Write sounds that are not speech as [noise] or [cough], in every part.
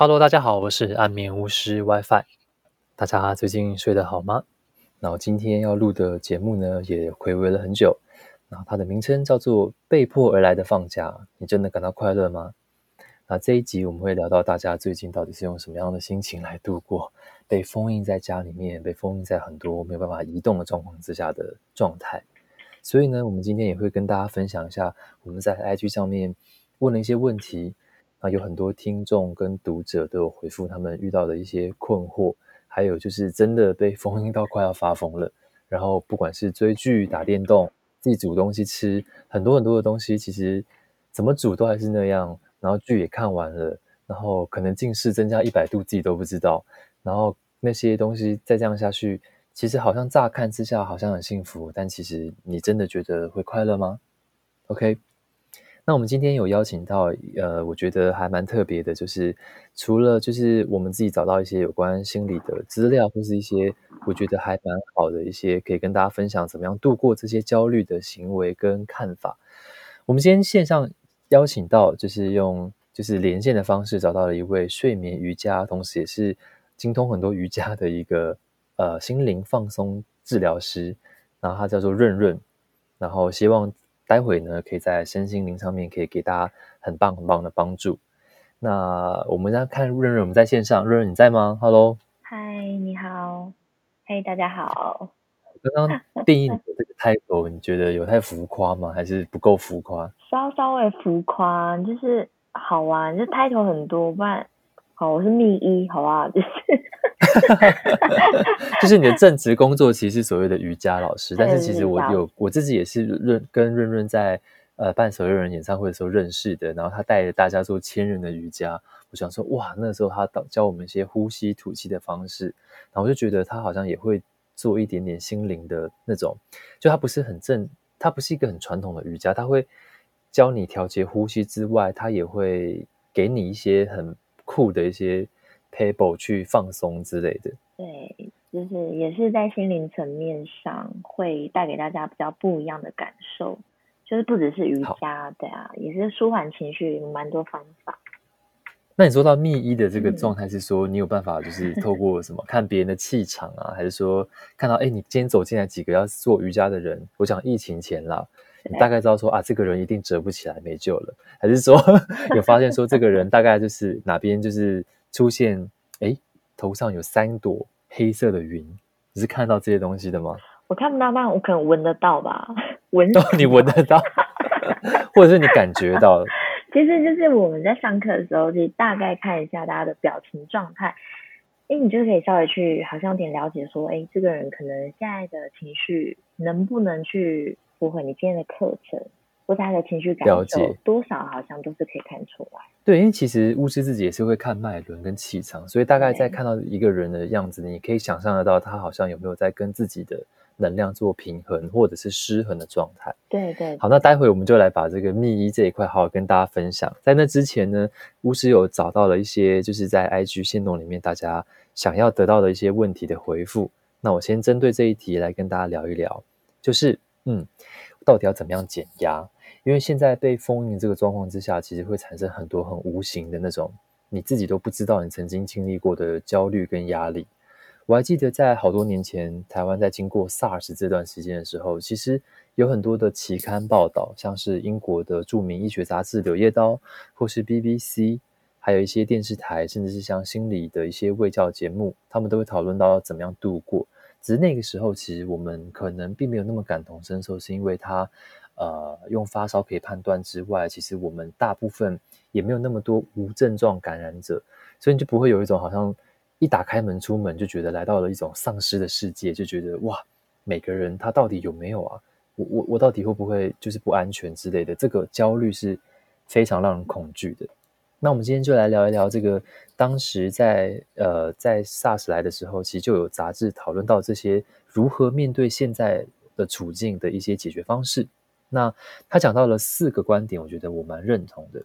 哈嘍，大家好，我是安眠巫師 WiFi。大家最近睡得好嗎？然後今天要錄的節目呢，也睽違了很久。然後它的名稱叫做《被迫而來的放假》，你真的感到快樂嗎？那這一集我們會聊到大家最近到底是用什麼樣的心情來度過被封印在家裡面、被封印在很多沒有辦法移動的狀況之下的狀態。所以呢，我們今天也會跟大家分享一下我們在 IG 上面問了一些問題。啊，有很多聽眾跟讀者都有回復，他們遇到的一些困惑，還有就是真的被封印到快要發瘋了。然後不管是追劇、打電動、自己煮東西吃，很多很多的東西，其實怎麼煮都還是那樣。然後劇也看完了，然後可能近視增加一百度自己都不知道。然後那些東西再這樣下去，其實好像乍看之下好像很幸福，但其實你真的覺得會快樂嗎？OK。那我們今天有邀請到，呃，我覺得還蠻特別的，就是除了就是我們自己找到一些有關心理的資料，或是一些我覺得還蠻好的一些可以跟大家分享怎麼樣度過這些焦慮的行為跟看法。我們今天線上邀請到，就是用就是連線的方式找到了一位睡眠瑜伽，同時也是精通很多瑜伽的一個呃心靈放鬆治療師，然後他叫做潤潤，然後希望。待會呢，可以在身心靈上面可以給大家很棒很棒的幫助。那我們要看潤潤，我們在線上，潤潤你在嗎？Hello，嗨，你好，嗨、hey，大家好。我剛剛定義你的這個 title， [laughs] 你覺得有太浮誇嗎？還是不夠浮誇？稍稍微浮誇，就是好玩，就 title 很多，不然。好，我是密一，好吧，就是，就是你的正職工作，其實所謂的瑜伽老師，但是其實我有我自己也是潤跟潤潤在呃辦所有人演唱會的時候認識的，然後他帶着大家做千人的瑜伽，我想說哇，那時候他教我們一些呼吸吐氣的方式，然後我就覺得他好像也會做一點點心靈的那種，就他不是很正，他不是一個很傳統的瑜伽，他會教你調節呼吸之外，他也會給你一些很。酷的一些 table 去放鬆之類的，對，就是也是在心靈層面上會帶給大家比較不一樣的感受，就是不只是瑜伽，好對啊，也是舒緩情緒有蠻多方法。那你說到密一的這個狀態，是說、嗯、你有辦法，就是透過什麼 [laughs] 看別人的氣場啊，還是說看到哎、欸，你今天走進來幾個要做瑜伽的人？我想疫情前啦。你大概知道說啊，這個人一定折不起來，沒救了，還是說呵呵有發現說，這個人大概就是哪邊就是出現，哎， [laughs] 頭上有三朵黑色的雲，你是看到這些東西的嗎？我看不到，但我可能聞得到吧，聞到、哦、你聞得到， [laughs] 或者是你感覺到。 [laughs] 其實就是我們在上課的時候，就大概看一下大家的表情狀態，哎，你就可以稍微去好像有點了解說，哎，這個人可能現在的情緒能不能去。符合你今天的課程或者他的情緒感受了解多少，好像都是可以看出來。對，因為其實巫師自己也是會看脈輪跟氣場，所以大概在看到一個人的樣子，對你可以想象得到他好像有沒有在跟自己的能量做平衡，或者是失衡的狀態。對，對對。好，那待會我們就來把這個秘儀這一塊好好跟大家分享。在那之前呢，巫師有找到了一些就是在 IG 限動裡面大家想要得到的一些問題的回復。那我先針對這一題來跟大家聊一聊，就是。嗯，到底要怎麼樣減壓？因為現在被封印這個狀況之下，其實會產生很多很無形的那種，你自己都不知道你曾經經歷過的焦慮跟壓力。我還記得在好多年前，台灣在經過 SARS 這段時間的時候，其實有很多的期刊報道，像是英國的著名醫學雜誌《柳葉刀》，或是 BBC，還有一些電視台，甚至是像心理的一些衛教節目，他們都會討論到要怎麼樣度過。只是那個時候，其實我們可能並沒有那麼感同身受，是因為他，呃，用發燒可以判斷之外，其實我們大部分也沒有那麼多無症狀感染者，所以你就不會有一種好像一打開門出門就覺得來到了一種喪屍的世界，就覺得哇，每個人他到底有沒有啊？我我我到底會不會就是不安全之類的？這個焦慮是非常讓人恐懼的。那我們今天就來聊一聊這個。當時在呃，在 SARS 來的時候，其實就有雜誌討論到這些如何面對現在的處境的一些解決方式。那他講到了四個觀點，我覺得我蠻認同的。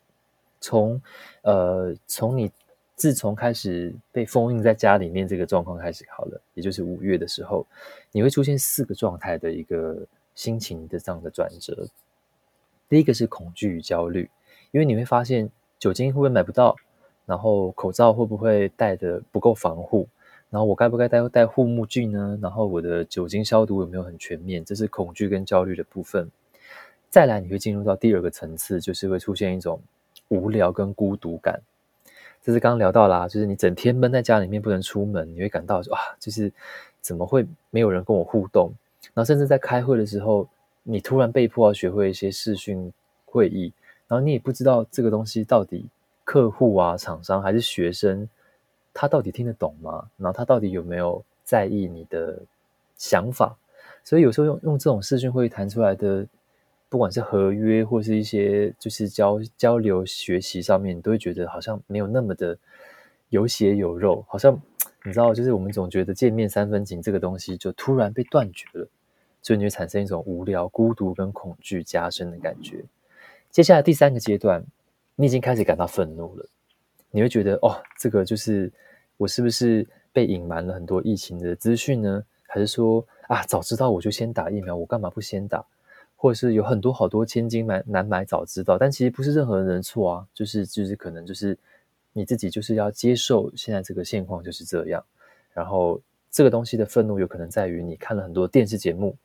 從呃，從你自從開始被封印在家裡面這個狀況開始好了，也就是五月的時候，你會出現四個狀態的一個心情的這樣的轉折。第一個是恐懼與焦慮，因為你會發現。酒精會不會買不到？然後口罩會不會戴得不夠防護？然後我該不該戴護目鏡呢？然後我的酒精消毒有沒有很全面？這是恐懼跟焦慮的部分。再來，你會進入到第二個層次，就是會出現一種無聊跟孤獨感。這是剛剛聊到啦、啊，就是你整天悶在家裡面不能出門，你會感到啊，就是怎麼會沒有人跟我互動？然後甚至在開會的時候，你突然被迫要學會一些視訊會議。然後你也不知道這個東西到底客戶啊、廠商還是學生，他到底聽得懂嗎？然後他到底有沒有在意你的想法？所以有時候用用這種視訊會談出來的，不管是合約或是一些就是交交流學習上面，你都會覺得好像沒有那麼的有血有肉，好像你知道，就是我們總覺得見面三分情這個東西就突然被斷絕了，所以你會產生一種無聊、孤獨跟恐懼加深的感覺。接下來第三個階段，你已經開始感到憤怒了。你會覺得哦，這個就是我是不是被隱瞞了很多疫情的資訊呢？還是說啊，早知道我就先打疫苗，我幹嘛不先打？或者是有很多好多千金買難買早知道，但其實不是任何人的錯啊，就是就是可能就是你自己就是要接受現在這個現況就是這樣。然後這個東西的憤怒有可能在於你看了很多電視節目，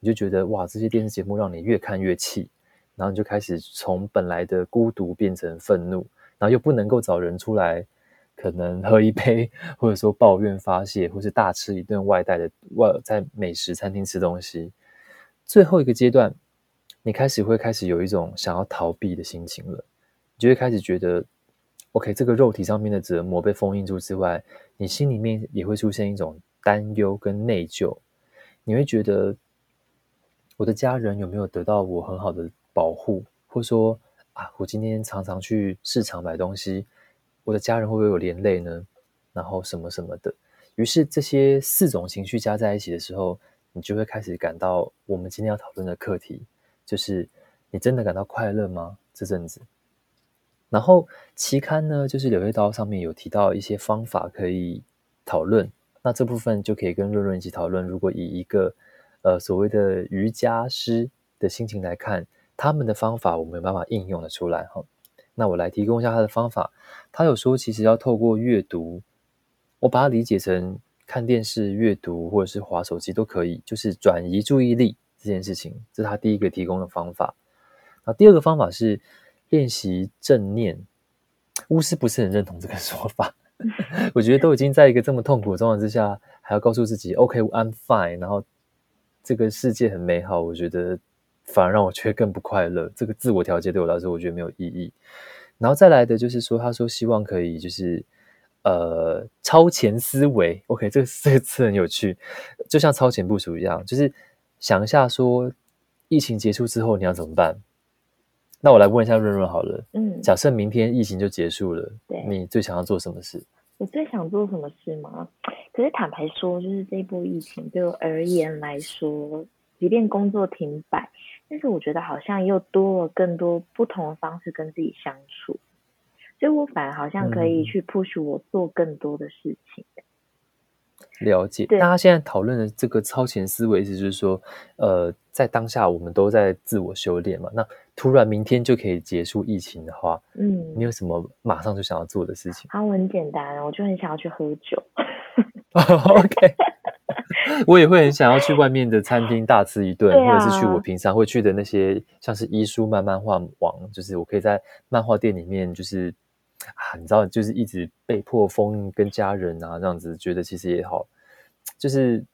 你就覺得哇，這些電視節目讓你越看越氣。然後你就開始從本來的孤獨變成憤怒，然後又不能夠找人出來，可能喝一杯，或者說抱怨發洩，或是大吃一頓外帶的外，在美食餐廳吃東西。最後一個階段，你開始會開始有一種想要逃避的心情了，你就會開始覺得，OK，這個肉體上面的折磨被封印住之外，你心裡面也會出現一種擔憂跟內疚，你會覺得，我的家人有沒有得到我很好的保護，或說啊，我今天常常去市場買東西，我的家人會不會有連累呢？然後什麼什麼的，於是這些四種情緒加在一起的時候，你就會開始感到，我們今天要討論的課題就是，你真的感到快樂嗎？這陣子，然後期刊呢，就是柳葉刀上面有提到一些方法可以討論，那這部分就可以跟潤潤一起討論。如果以一個呃所謂的瑜伽師的心情來看。他們的方法我沒有辦法應用的出來哈，那我來提供一下他的方法。他有說其實要透過閱讀，我把它理解成看電視、閱讀或者是滑手機都可以，就是轉移注意力這件事情，這是他第一個提供的方法。然後第二個方法是練習正念。巫師不是很認同這個說法， [laughs] [laughs] 我覺得都已經在一個這麼痛苦的狀況之下，還要告訴自己 “OK，I'm fine”，然後這個世界很美好，我覺得。反而讓我覺得更不快樂。這個自我調節對我來說，我覺得沒有意義。然後再來的就是說，他說希望可以就是呃超前思維。OK，這個這個詞很有趣，就像超前部署一樣，就是想一下說疫情結束之後你要怎麼辦。那我來問一下潤潤好了，嗯，假設明天疫情就結束了，對你最想要做什麼事？我最想做什麼事嗎？可是坦白說，就是這波疫情對我而言來說，是即便工作停擺。但是我覺得好像又多了更多不同的方式跟自己相處，所以我反而好像可以去 push 我做更多的事情。嗯，了解，大家對現在討論的這個超前思維，意思就是說，呃，在當下我們都在自我修煉嘛，那突然明天就可以結束疫情的話，嗯，你有什麼馬上就想要做的事情？啊，我很簡單，我就很想要去喝酒。 [laughs] oh, OK。 [laughs] 我也會很想要去外面的餐廳大吃一頓，啊、或者是去我平常會去的那些，像是醫書漫漫畫王，就是我可以在漫畫店裡面，就是很、啊、你知道，就是一直被迫封跟家人啊這樣子，覺得其實也好，就是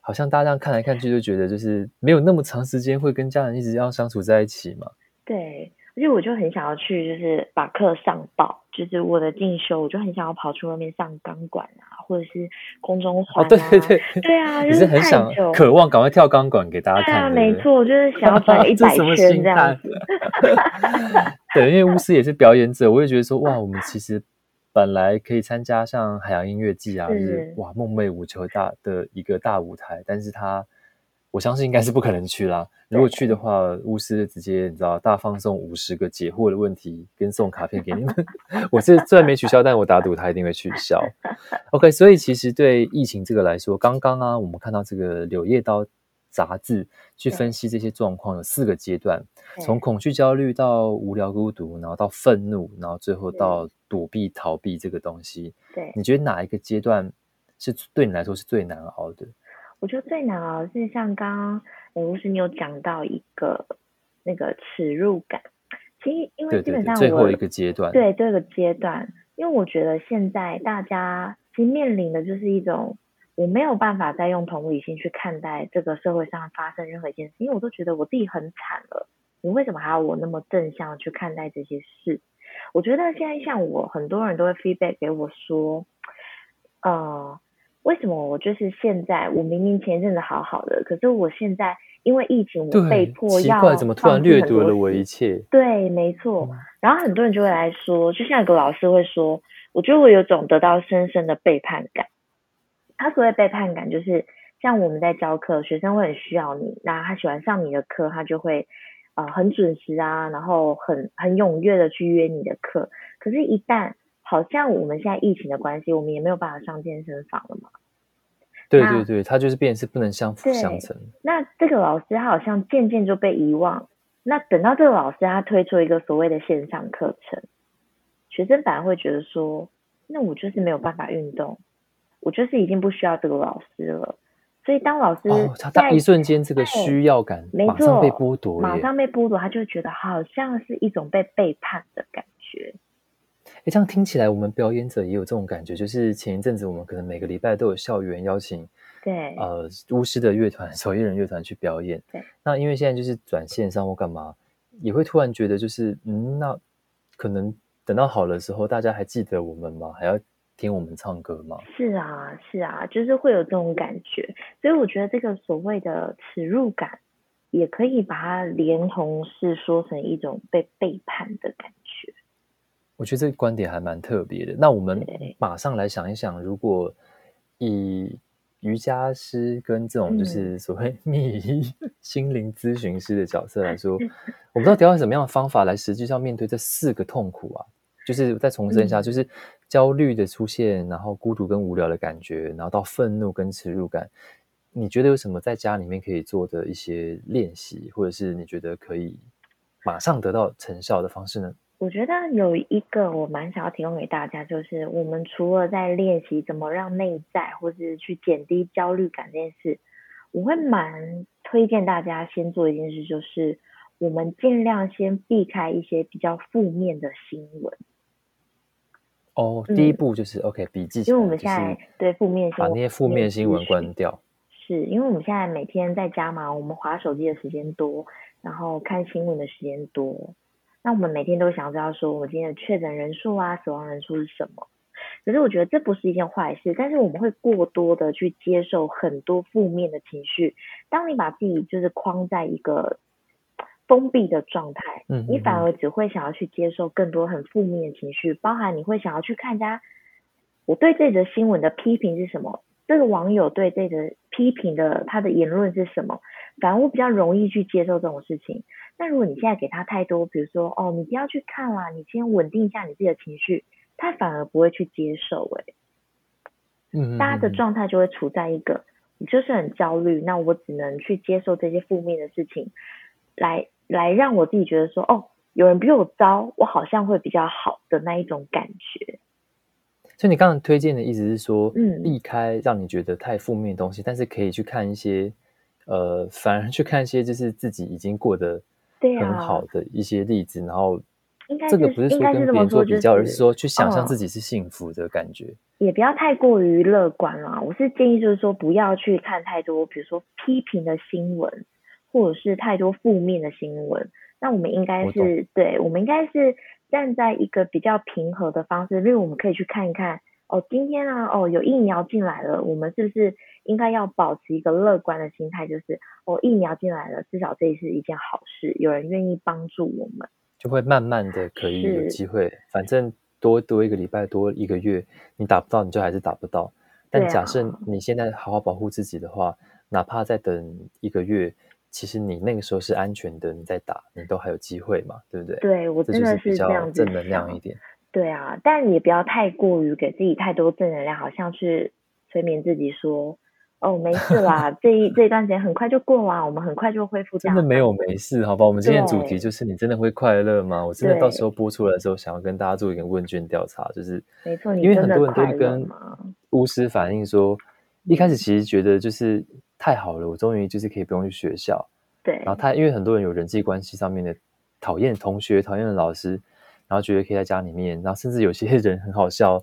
好像大家這樣看來看去就覺得，就是沒有那麼長時間會跟家人一直要相處在一起嘛。對，而且我就很想要去，就是把課上報，就是我的進修，我就很想要跑出外面上鋼管啊。或者是公眾滑、啊哦、對對對，對啊，就是，也是很想渴望趕快跳鋼管給大家看。對、啊、對，對沒錯，就是想要轉一百圈這樣。 [laughs] [laughs] 對，因為巫師也是表演者，我也覺得說，哇，我們其實本來可以參加像海洋音樂季啊，就、嗯、是哇，夢寐以求大的一個大舞台，但是他。我相信應該是不可能去啦。對如果去的話，巫師就直接你知道，大放送五十個解惑的問題跟送卡片給你們。 [laughs] 我是雖然沒取消， [laughs] 但我打賭他一定會取消。OK，所以其實對疫情這個來說，剛剛啊，我們看到這個柳《柳葉刀》雜誌去分析這些狀況有四個階段：從對恐懼、焦慮到無聊、孤獨，然後到憤怒，然後最後到躲避、逃避這個東西。對，你覺得哪一個階段是對你來說是最難熬的？我覺得最難熬，是像剛剛吳老師你有講到一個那個恥辱感，其實因為基本上我對對對最後一個階段，對這個階段，因為我覺得現在大家其實面臨的就是一種，我沒有辦法再用同理心去看待這個社會上發生任何一件事，因為我都覺得我自己很慘了，你為什麼還要我那麼正向去看待這些事？我覺得現在像我很多人都會 feedback 給我說，呃。為什麼我就是現在？我明明前一陣子好好的，可是我現在因為疫情，我被迫要對，奇怪，怎麼突然掠奪了我一切？對，沒錯。嗯、然後很多人就會來說，就像一個老師會說，我覺得我有種得到深深的背叛感。他所謂背叛感，就是像我們在教課，學生會很需要你，那他喜歡上你的課，他就會啊、呃、很準時啊，然後很很踴躍的去約你的課。可是，一旦好像我們現在疫情的關係，我們也沒有辦法上健身房了嘛。對對對，那他就是變是不能相輔相成。那這個老師他好像漸漸就被遺忘。那等到這個老師他推出一個所謂的線上課程，學生反而會覺得說，那我就是沒有辦法運動，我就是已經不需要這個老師了。所以當老師在、哦、他他一瞬間這個需要感，馬上被剝奪，沒錯，馬上被剝奪，他就覺得好像是一種被背叛的感覺。誒，這樣聽起來，我們表演者也有這種感覺。就是前一陣子，我們可能每個禮拜都有校園邀請，對，呃，巫師的樂團、手藝人樂團去表演。對，那因為現在就是轉線上或幹嘛，也會突然覺得就是，嗯，那可能等到好了之後，大家還記得我們嗎？還要聽我們唱歌嗎？是啊，是啊，就是會有這種感覺。所以我覺得這個所謂的恥辱感，也可以把它連同是說成一種被背叛的感覺。我覺得這個觀點還蠻特別的。那我們馬上來想一想，如果以瑜伽師跟這種就是所謂密醫、心靈諮詢師的角色來說，我們到底要用什麼樣的方法來實際上面對這四個痛苦啊？就是再重申一下，就是焦慮的出現，然後孤獨跟無聊的感覺，然後到憤怒跟恥辱感。你覺得有什麼在家裡面可以做的一些練習，或者是你覺得可以馬上得到成效的方式呢？我覺得有一個我蠻想要提供給大家，就是我們除了在練習怎麼讓內在或是去減低焦慮感這件事，我會蠻推薦大家先做一件事，就是我們盡量先避開一些比較負面的新聞。哦，第一步就是 OK，筆記。嗯、因為我們現在對負面新聞，把那些負面的新聞關掉，是因為我們現在每天在家嘛，我們滑手機的時間多，然後看新聞的時間多。那我們每天都想知道說，我今天的確診人數啊，死亡人數是什麼？可是我覺得這不是一件壞事，但是我們會過多的去接受很多負面的情緒。當你把自己就是框在一個封閉的狀態，嗯，你反而只會想要去接受更多很負面的情緒，包含你會想要去看一下，我對這則新聞的批評是什麼？這個網友對這個批評的他的言論是什麼？反而我比較容易去接受這種事情，但如果你現在給他太多，比如說哦，你不要去看啦，啊，你先穩定一下你自己的情緒，他反而不會去接受哎，嗯，大家的狀態就會處在一個、嗯、你就是很焦慮，那我只能去接受這些負面的事情，來來讓我自己覺得說哦，有人比我糟，我好像會比較好的那一種感覺。所以你剛剛推薦的意思是說，嗯，避開讓你覺得太負面的東西，但是可以去看一些。呃，反而去看一些就是自己已經過得很好的一些例子，啊、然後應該、就是、這個不是說跟別人做比較，是就是、而是說去想象自己是幸福的感覺。哦、也不要太過於樂觀了，我是建議就是說不要去看太多，比如說批評的新聞或者是太多負面的新聞。那我們應該是，懂對，我們應該是站在一個比較平和的方式，因為我們可以去看一看。哦，今天啊，哦，有疫苗進來了，我們是不是應該要保持一個樂觀的心態？就是，哦，疫苗進來了，至少這是一件好事，有人願意幫助我們，就會慢慢的可以有機會。是反正多多一個禮拜，多一個月，你打不到，你就還是打不到。但假設你現在好好保護自己的話，啊、哪怕再等一個月，其實你那個時候是安全的，你再打，你都還有機會嘛，對不對？對，我真的是這樣想，這就是比較正能量一點。對啊，但也不要太過於給自己太多正能量，好像去催眠自己說，哦，沒事啦，這一這段時間很快就過完， [laughs] 我們很快就恢復這樣。真的沒有沒事，好吧？我們今天的主題就是你真的會快樂嗎？對我真的到時候播出來的時候，想要跟大家做一個問卷調查，就是，沒錯，你因為很多人都跟巫師反映說，一開始其實覺得就是太好了，我終於就是可以不用去學校。對，然後他因為很多人有人際關係上面的討厭同學，討厭的老師。然後覺得可以在家裡面，然後甚至有些人很好笑，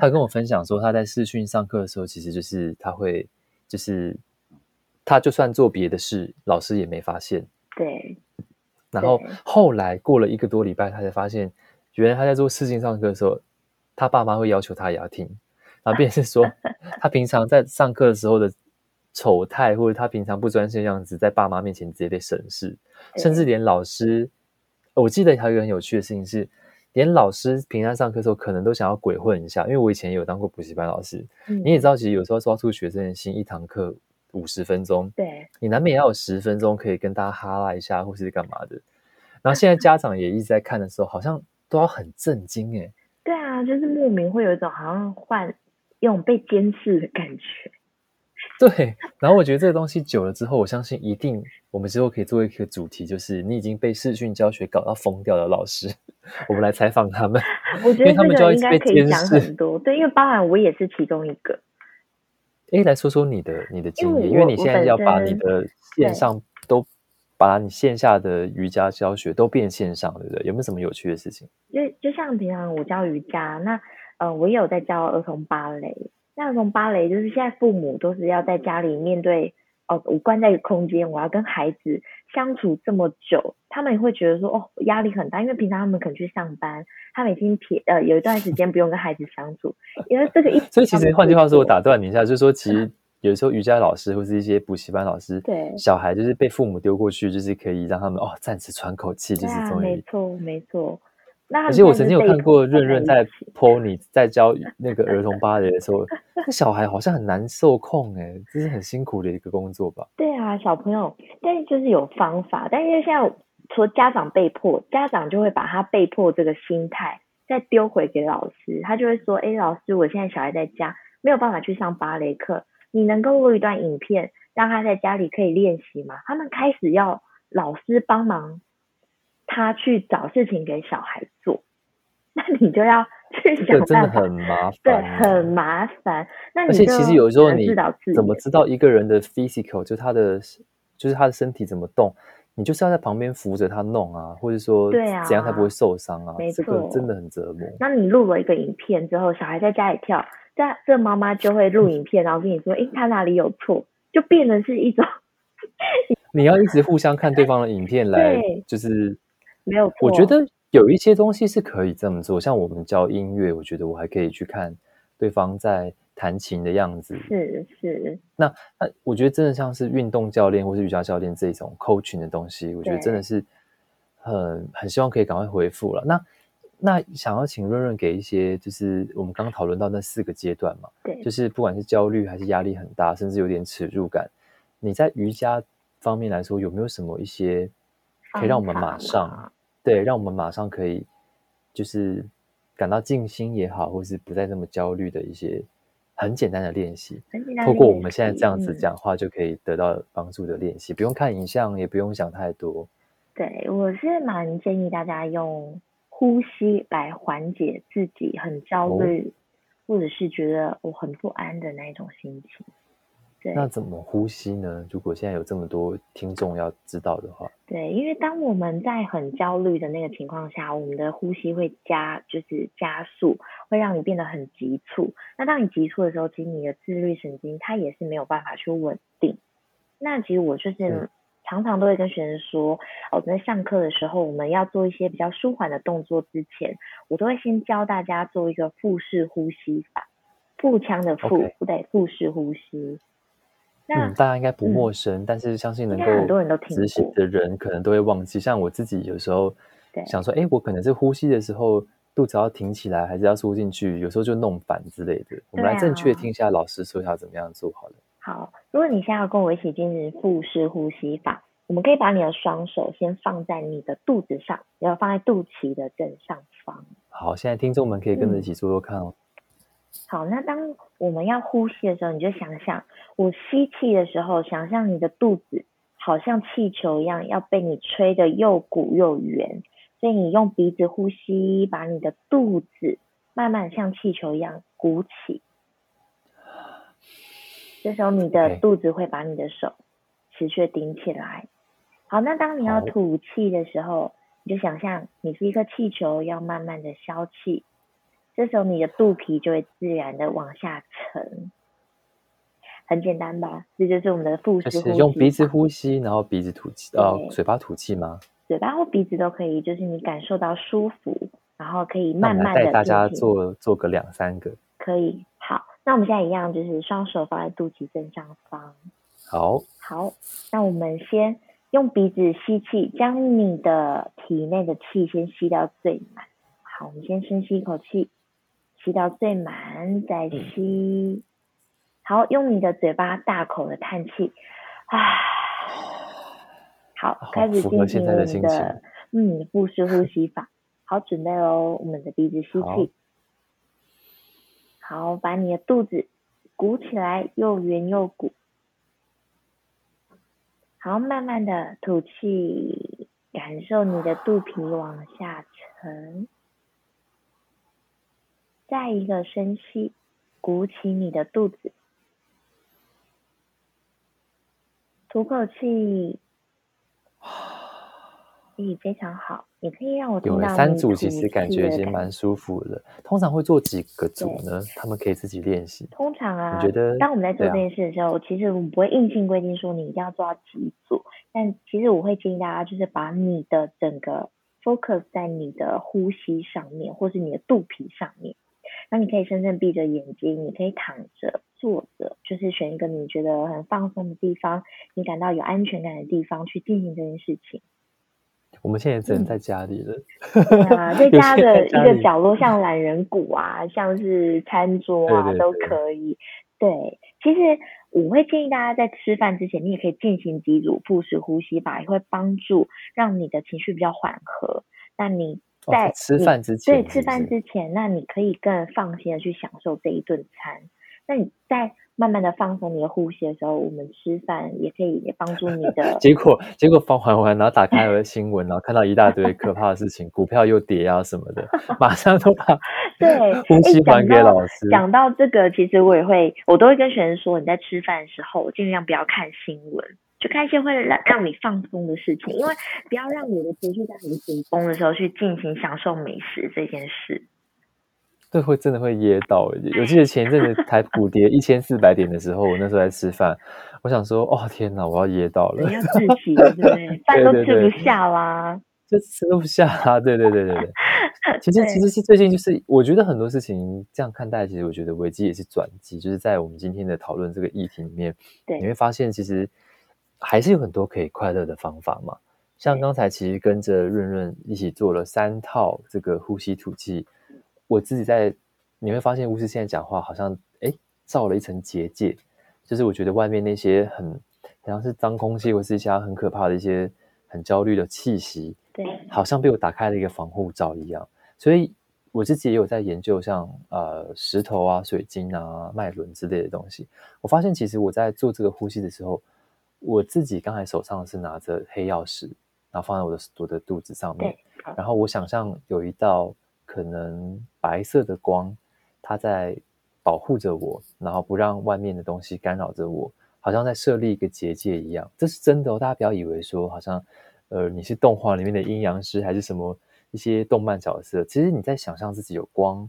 他跟我分享說，他在視訊上課的時候，其實就是他會就是他就算做別的事，老師也沒發現。對。對，然後後來過了一個多禮拜，他才發現原來他在做視訊上課的時候，他爸媽會要求他也要聽，然後變成說他平常在上課的時候的醜態 [laughs] 或者他平常不專心的樣子，在爸媽面前直接被審視，甚至連老師，我記得還有一個很有趣的事情是。連老師平常上課的時候可能都想要鬼混一下，因為我以前也有當過補習班老師，嗯、你也知道，其實有時候抓住學生的心，一堂課五十分鐘，對，你難免要有十分鐘可以跟大家哈拉一下，或是幹嘛的。然後現在家長也一直在看的時候， [laughs] 好像都要很震驚哎、欸，對啊，就是莫名會有一種好像換一種被監視的感覺。對，然後我覺得這個東西久了之後，我相信一定我們之後可以做一個主題，就是你已經被視訊教學搞到瘋掉的老師，我們來採訪他們。因為他們就要一直被監視。我覺得這個應該可以講很多，對，因為包含我也是其中一個。哎，來說說你的你的經驗，因為你現在要把你的線上都對把你線下的瑜伽教學都變線上，對不對？有沒有什麼有趣的事情？就就像平常我教瑜伽，那呃，我也有在教兒童芭蕾。那從芭蕾就是現在父母都是要在家裡面對哦，我關在一個空間，我要跟孩子相處這麼久，他們也會覺得說哦壓力很大，因為平常他們可能去上班，他們已經撇呃有一段時間不用跟孩子相處，因為 [laughs] 這個意思所以其實換句話說，我打斷你一下，就是說其實有時候瑜伽老師或是一些補習班老師，對，小孩就是被父母丟過去，就是可以讓他們哦暫時喘口氣，就是從沒錯沒錯。沒錯其實我曾經有看過潤潤在 po 你，在教那個兒童芭蕾的時候，這 [laughs] 小孩好像很難受控哎、欸，這是很辛苦的一個工作吧？對啊，小朋友，但是就是有方法，但是現在說家長被迫，家長就會把他被迫這個心態再丟回給老師，他就會說：哎、欸，老師，我現在小孩在家沒有辦法去上芭蕾課，你能夠錄一段影片，讓他在家裡可以練習嗎？他們開始要老師幫忙。他去找事情給小孩做，那你就要去想辦法。真的很麻煩啊。對，很麻煩。那而且其實有時候你怎麼知道一個人的 physical 就是他的就是他的身體怎麼動？你就是要在旁邊扶着他弄啊，或者說對啊，怎樣才不會受傷啊？沒錯啊，這個真的很折磨。那你錄了一個影片之後，小孩在家裡跳，這這媽媽就會錄影片，然後跟你說：“哎，他哪裡有錯？”就變成是一種，你要一直互相看對方的影片來，就是。沒有錯，我覺得有一些東西是可以這麼做。像我們教音樂，我覺得我還可以去看對方在彈琴的樣子。是是。是，那那我覺得真的像是運動教練或是瑜伽教練這種 coaching 的東西，我覺得真的是很對很希望可以趕快恢復了。那那想要請潤潤給一些，就是我們剛剛討論到那四個階段嘛？對。就是不管是焦慮還是壓力很大，甚至有點恥辱感，你在瑜伽方面來說有沒有什麼一些可以讓我們馬上？啊對，讓我們馬上可以就是感到靜心也好，或是不再那麼焦慮的一些很簡單的練習。很簡單練習，透過我們現在這樣子講話，就可以得到幫助的練習，嗯、不用看影像，也不用想太多。對，我是蠻建議大家用呼吸來緩解自己很焦慮，哦、或者是覺得我很不安的那種心情。那怎麼呼吸呢？如果現在有這麼多聽眾要知道的話，對，因為當我們在很焦慮的那個情況下，我們的呼吸會加，就是加速，會讓你變得很急促。那當你急促的時候，其實你的自律神經它也是沒有辦法去穩定。那其實我就是常常都會跟學生說，嗯、哦，在上課的時候，我們要做一些比較舒緩的動作之前，我都會先教大家做一個腹式呼吸法，腹腔的腹，Okay. 對，腹式呼吸。那嗯，大家應該不陌生，嗯、但是相信能夠執行的人可能都會忘記。像我自己有時候想說，哎對、欸，我可能是呼吸的時候肚子要挺起來，還是要縮進去？有時候就弄反之類的。啊、我們來正確聽一下老師說一下怎麼樣做好了。好，如果你現在要跟我一起進行腹式呼吸法，我們可以把你的雙手先放在你的肚子上，然後放在肚臍的正上方。好，現在聽眾們可以跟着一起做做看哦。嗯好，那當我們要呼吸的時候，你就想像，我吸氣的時候，想象你的肚子好像氣球一樣，要被你吹得又鼓又圓，所以你用鼻子呼吸，把你的肚子慢慢像氣球一樣鼓起。唉這時候你的肚子會把你的手持續頂起來。好，那當你要吐氣的時候，你就想象你是一個氣球，要慢慢的消氣。這時候你的肚皮就會自然的往下沉，很簡單吧？這就是我們的腹式呼吸。用鼻子呼吸，然後鼻子吐氣，呃對、哦，嘴巴吐氣嗎？嘴巴或鼻子都可以，就是你感受到舒服，然後可以慢慢的。帶大家做做個兩三個。可以。好，那我們現在一樣，就是雙手放在肚臍正上方。好。好，那我們先用鼻子吸氣，將你的體內的氣先吸到最滿。好，我們先深吸一口氣。吸到最滿，再吸。嗯、好，用你的嘴巴大口的嘆氣，唉。好，好開始進行我們的，的嗯腹式呼，呼吸法。 [laughs] 好，準備哦，我們的鼻子吸氣。好，好，把你的肚子鼓起來，又圓又鼓。好，慢慢的吐氣，感受你的肚皮往下沉。再一個深吸，鼓起你的肚子，吐口氣、 [laughs] 欸，非常好，你可以讓我聽到。有三組，其實感覺已經蠻舒服了。通常會做幾個組呢？對他們可以自己練習。通常啊，你覺得當我們在做這件事的時候，其實我們不會硬性規定說你一定要做到幾組，但其實我會建議大家，就是把你的整個 focus 在你的呼吸上面，或是你的肚皮上面。那你可以深深閉着眼睛，你可以躺着、坐着，就是選一個你覺得很放鬆的地方，你感到有安全感的地方去進行這件事情。我們現在只能在家裡了。嗯、對啊， [laughs] 在,在家的一個角落，像懶人谷啊，像是餐桌啊對對對都可以。對，其實我會建議大家在吃飯之前，你也可以進行幾組腹式呼吸法，也會幫助讓你的情緒比較緩和。那你。在、哦、吃飯之前是不是，對，吃飯之前，那你可以更放心的去享受這一頓餐。那你在慢慢的放鬆你的呼吸的時候，我們吃飯也可以也幫助你的。結果，結果放還完，然後打開了新聞， [laughs] 然後看到一大堆可怕的事情， [laughs] 股票又跌啊什麼的，馬上都把對呼吸還給老師。講到，到這個，其實我也會，我都會跟學生說，你在吃飯的時候儘量不要看新聞。就一些會讓讓你放鬆的事情，因為不要讓你的情緒在很緊繃的時候去進行享受美食這件事。對，會真的會噎到耶。我記得前一陣子台股跌一千四百點的時候， [laughs] 我那時候在吃飯，我想說：“哦，天吶，我要噎到了！”飯 [laughs] 對對都吃不下啦，對對對就吃不下啦、啊。對對對對對。其實 [laughs] 對其實是最近，就是我覺得很多事情這樣看待，其實我覺得危機也是轉機。就是在我們今天的討論這個議題裡面，對你會發現其實。還是有很多可以快樂的方法嘛，像剛才其實跟着潤潤一起做了三套這個呼吸吐氣，我自己在你會發現，巫師現在講話好像哎造了一層結界，就是我覺得外面那些很好像是髒空氣或是一些很可怕的一些很焦慮的氣息，對，好像被我打開了一個防護罩一樣。所以我自己也有在研究像，像呃石頭啊、水晶啊、脈輪之類的東西，我發現其實我在做這個呼吸的時候。我自己剛才手上是拿着黑曜石，然後放在我的我的肚子上面，嗯、然後我想象有一道可能白色的光，它在保護着我，然後不讓外面的東西干擾着我，好像在設立一個結界一樣。這是真的哦，大家不要以為說好像呃你是動畫裡面的陰陽師還是什麼一些動漫角色，其實你在想象自己有光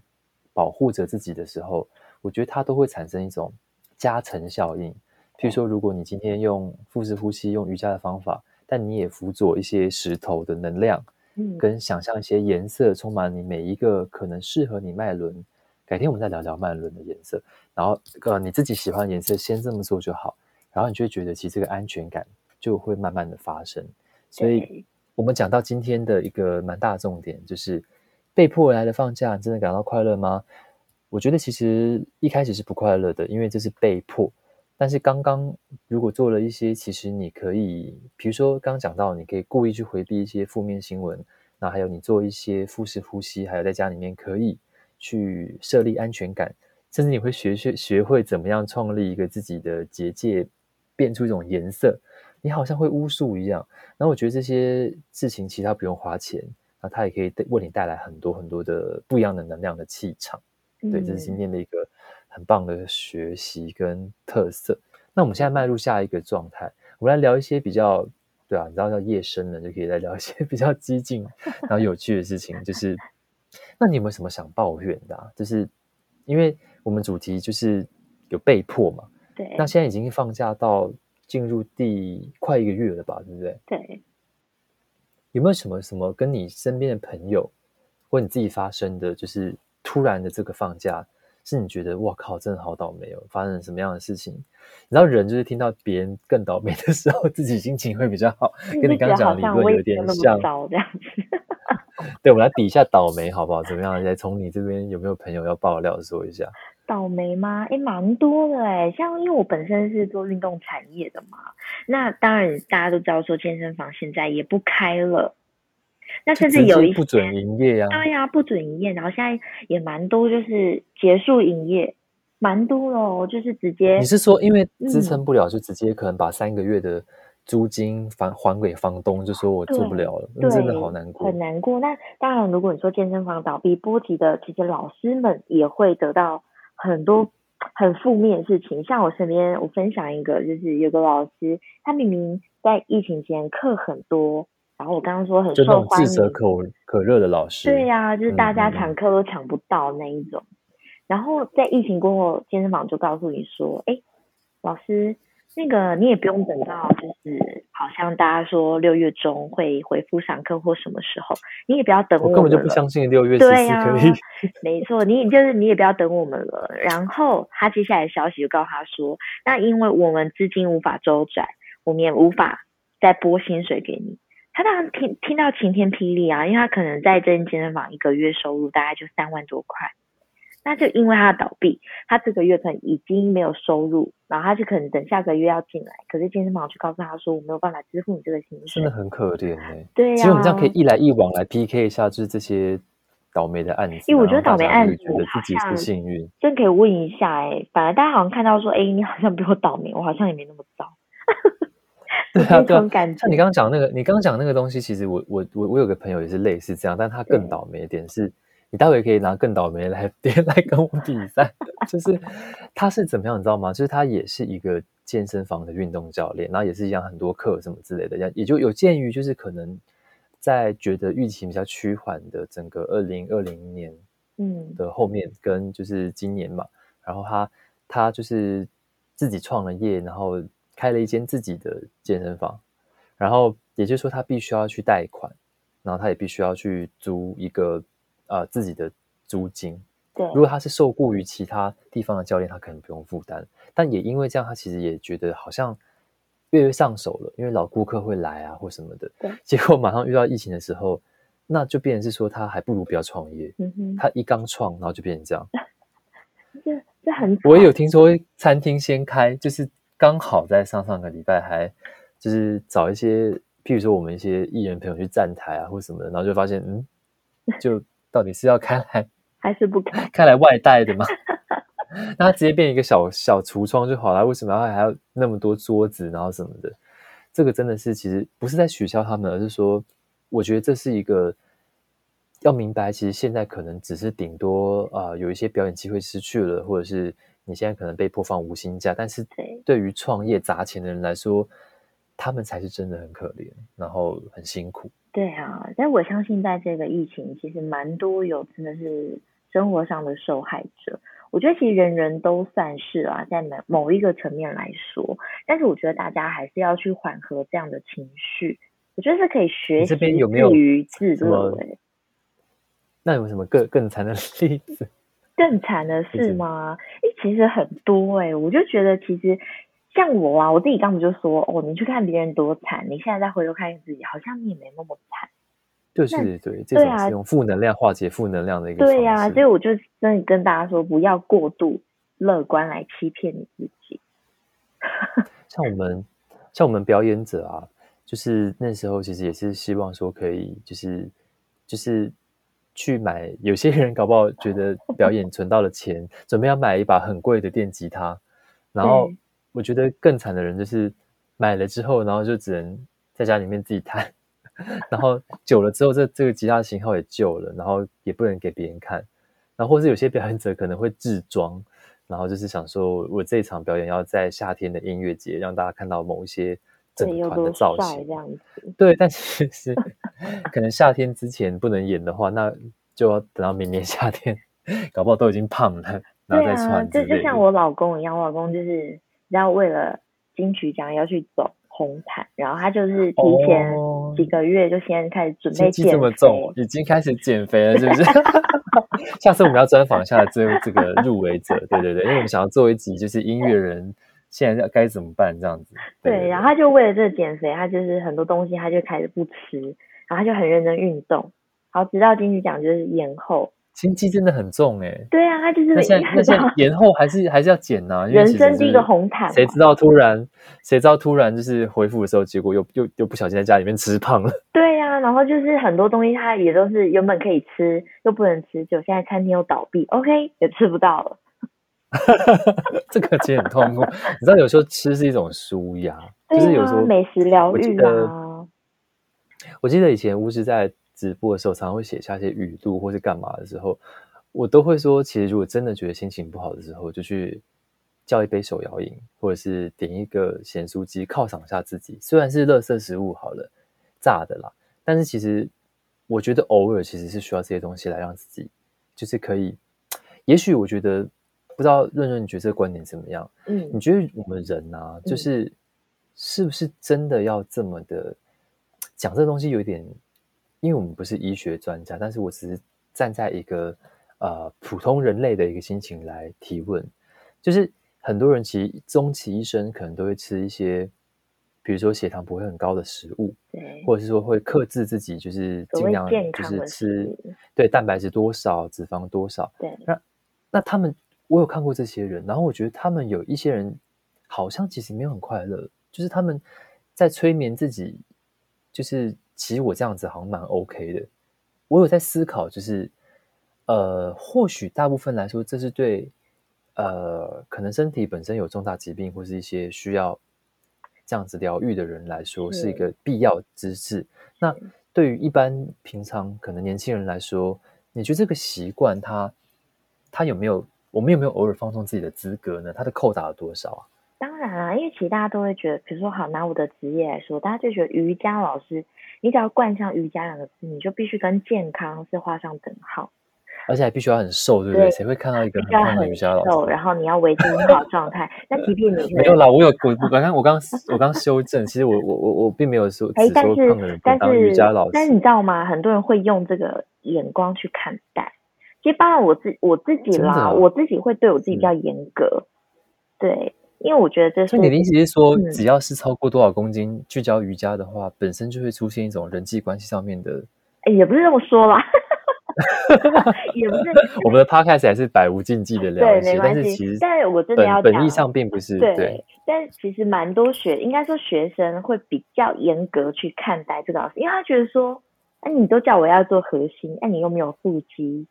保護着自己的時候，我覺得它都會產生一種加成效應。譬如說，如果你今天用腹式呼吸，用瑜伽的方法，但你也輔佐一些石頭的能量，跟想象一些顏色，充滿你每一個可能適合你脈輪。改天我們再聊聊脈輪的顏色。然後，呃，你自己喜歡的顏色，先這麼做就好。然後，你就會覺得，其實這個安全感就會慢慢的發生。所以，我們講到今天的一個蠻大的重點，就是被迫而來的放假，你真的感到快樂嗎？我覺得其實一開始是不快樂的，因為這是被迫。但是剛剛如果做了一些，其實你可以，比如說剛講到，你可以故意去回避一些負面新聞，那還有你做一些腹式呼吸，還有在家裡面可以去設立安全感，甚至你會學學學會怎麼樣創立一個自己的結界，變出一種顏色，你好像會巫術一樣。然後我覺得這些事情其實它不用花錢，那它也可以帶為你帶來很多很多的不一樣的能量的氣場。嗯，對，這是今天的一個。很棒的學習跟特色。那我們現在邁入下一個狀態，我們來聊一些比較，對啊，你知道叫夜深了，就可以來聊一些比較激進然後有趣的事情。 [laughs] 就是，那你有沒有什麼想抱怨的啊？就是因為我們主題就是有被迫嘛。對。那現在已經放假到進入第快一個月了吧？對不對？對。有沒有什麼什麼跟你身邊的朋友或你自己發生的就是突然的這個放假？是你覺得哇靠，真的好倒霉哦！發生什麼樣的事情？你知道人就是聽到別人更倒霉的時候，自己心情會比較好。跟你剛剛講的，有點像這樣子。對，我們來比一下倒霉好不好？怎麼樣？來從你這邊有沒有朋友要爆料說一下倒霉嗎？哎，蠻多的哎，像因為我本身是做運動產業的嘛，那當然大家都知道說健身房現在也不開了。那甚至有一些不准營業呀。啊、對、哎、呀，不准營業，然後現在也蠻多，就是結束營業，蠻多嘍，就是直接。你是說，因為支撐不了，嗯、就直接可能把三個月的租金返還給房東，嗯、就說我做不了了，對真的好難過，很難過。那當然，如果你說健身房倒閉波及的，其實老師們也會得到很多很負面的事情。像我身邊，我分享一個，就是有個老師，他明明在疫情前課很多。然後我剛剛說很受歡迎，種自責可可熱的老師，對呀、啊，就是大家搶課都搶不到那一種。嗯、然後在疫情過後，健身房就告訴你說：“哎，老師，那個你也不用等到，就是好像大家說六月中會恢復上課或什麼時候，你也不要等我們。”我根本就不相信六月十四可以。對、啊，沒錯，你就是你也不要等我們了。 [laughs] 然後他接下來的消息就告訴他說：“那因為我們資金無法周轉，我們也無法再撥薪水給你。”他當然聽聽到晴天霹靂啊，因為他可能在這間健身房一個月收入大概就三萬多塊，那就因為他的倒閉，他這個月可能已經沒有收入，然後他就可能等下個月要進來，可是健身房就告訴他說，我沒有辦法支付你這個薪水，真的很可憐呢、欸。對呀、啊，其實我們這樣可以一來一往來 PK 一下，就是這些倒霉的案子。因為、欸、我覺得倒霉案子覺得自己不幸運，真可以問一下哎、欸，本來大家好像看到說哎、欸，你好像比我倒霉，我好像也沒那麼糟。 [laughs] 對啊，對、啊，啊、你剛剛講那個，你剛剛講那個東西，其實我我我我有個朋友也是類似這樣，但他更倒霉一點是，你待會可以拿更倒霉來點來跟我比賽， [laughs] 就是他是怎麼樣，你知道嗎？就是他也是一個健身房的運動教練，然後也是一樣很多課什麼之類的，也也就有鑑於就是可能在覺得疫情比較趨緩的整個二零二零年，嗯的後面跟就是今年嘛，然後他他就是自己創了業，然後。開了一間自己的健身房，然後也就是說他必須要去貸款，然後他也必須要去租一個呃自己的租金。對，如果他是受雇於其他地方的教練，他可能不用負擔，但也因為這樣，他其實也覺得好像越來越上手了，因為老顧客會來啊或什麼的。對，結果馬上遇到疫情的時候，那就變成是說他還不如不要創業。嗯哼，他一剛創，然後就變成這樣。 [laughs] 這這很我也很我也有聽說餐廳先開就是。剛好在上上個禮拜，還就是找一些，譬如說我們一些藝人朋友去站台啊，或什麼的，然後就發現，嗯，就到底是要開來，還是不開？開來外帶的嘛？ [laughs] [laughs] 那他直接變一個小小櫥窗就好了，為什麼要還，還要那麼多桌子，然後什麼的？這個真的是，其實不是在取消他們，而是說，我覺得這是一個要明白，其實現在可能只是頂多啊、呃，有一些表演機會失去了，或者是。你現在可能被迫放無薪假，但是對於創業砸錢的人來說，對他們才是真的很可憐，然後很辛苦。對啊，但我相信，在這個疫情，其實蠻多有真的是生活上的受害者。我覺得其實人人都算是啊，在某某一個層面來說，但是我覺得大家還是要去緩和這樣的情緒。我覺得是可以學習自娛自樂的？那有什麼更更慘的例子？ [laughs] 更慘的事嗎？哎是，其實很多哎、欸，我就覺得其實像我啊，我自己剛不就說哦，你去看別人多慘，你現在再回頭看看自己，好像你也沒那麼慘。就是對，對，對，那對啊，這種是用負能量化解負能量的一個對呀、啊，所以我就真的跟大家說，不要過度樂觀來欺騙你自己。 [laughs] 像我們，像我們表演者啊，就是那時候其實也是希望說可以、就是，就是就是。去買，有些人搞不好覺得表演存到了錢，準備要買一把很貴的電吉他。然後我覺得更慘的人就是買了之後，然後就只能在家裡面自己彈。然後久了之後這，這這個吉他的型號也舊了，然後也不能給別人看。然後或是有些表演者可能會自裝，然後就是想說我這場表演要在夏天的音樂節讓大家看到某一些，整團的造型這樣子，對，但其實可能夏天之前不能演的話， [laughs] 那就要等到明年夏天，搞不好都已經胖了，然後再穿。這、啊、就像我老公一樣，我老公就是要為了金曲獎要去走紅毯，然後他就是提前幾個月就先開始準備，減、哦、這麼重，已經開始減肥了，是不、 [laughs] 就是？下次我們要專訪一下這這個入圍者，對對對，因為我們想要做一集就是音樂人。現在該怎麼辦？這樣子，對，對，對，對，然後他就為了這個減肥，他就是很多東西他就開始不吃，然後他就很認真運動，好，直到金曲獎就是延後，經濟真的很重哎、欸。對啊，他就是那現在那延後還是還是要減呢、啊？人生第一個紅毯，誰知道突然誰知道突然就是恢復的時候，結果又又又不小心在家裡面吃胖了。對呀、啊，然後就是很多東西他也都是原本可以吃又不能吃，就現在餐廳又倒閉，OK 也吃不到了。哈哈哈， [laughs] 這個其實很痛苦。 [laughs] 你知道，有時候吃是一種舒壓，啊、就是有時候美食療癒啊。我記得以前巫師在直播的時候，常常會寫下一些語錄或是幹嘛的時候，我都會說，其實如果真的覺得心情不好的時候，就去叫一杯手搖飲，或者是點一個鹹酥雞犒賞一下自己。雖然是垃圾食物好了，炸的啦，但是其實我覺得偶爾其實是需要這些東西來讓自己，就是可以。也許我覺得。不知道潤潤你覺得這個觀點怎麼樣？嗯，你覺得我們人呢、啊，就是是不是真的要這麼的講這個東西？有點，因為我們不是醫學專家，但是我只是站在一個呃普通人類的一個心情來提問。就是很多人其實終其一生，可能都會吃一些，比如說血糖不會很高的食物，對，或者是說會克制自己，就是儘量就是吃對蛋白質多少、脂肪多少。對，那那他們。我有看過這些人，然後我覺得他們有一些人好像其實沒有很快樂，就是他們在催眠自己，就是其實我這樣子好像蠻 OK 的。我有在思考，就是呃，或許大部分來說，這是對呃，可能身體本身有重大疾病或是一些需要這樣子療癒的人來說，是，是一個必要資質。是那對於一般平常可能年輕人來說，你覺得這個習慣它，他他有沒有？我們有沒有偶爾放鬆自己的資格呢？他的扣打了多少啊？當然啊，因為其實大家都會覺得，比如說，好拿我的職業來說，大家就覺得瑜伽老師，你只要冠上“瑜伽”兩個字，你就必須跟健康是畫上等號，而且還必須要很瘦，對不對？對，誰會看到一個很胖的瑜伽老師？瘦，然後你要維持好狀態。那皮皮，你沒有啦，我有，我我剛剛我剛修正， [laughs] 其實我我我我並沒有說、哎、但是只說胖的人不當瑜伽老師。但是，但是你知道嗎？很多人會用這個眼光去看待。其實包括我自我自己啦，我自己會對我自己比較嚴格，對，因為我覺得這是。你的意思是說，只要是超過多少公斤，去教瑜伽的話，本身就會出現一種人際關係上面的。哎，也不是這麼說啦，也不是。我們的 podcast 還是百無禁忌的類型，對，但是其實，但是我真的要，本意上並不是對。但其實蠻多學，應該說學生會比較嚴格去看待這個老師，因為他覺得說，哎，你都叫我要做核心，哎，你又沒有腹肌。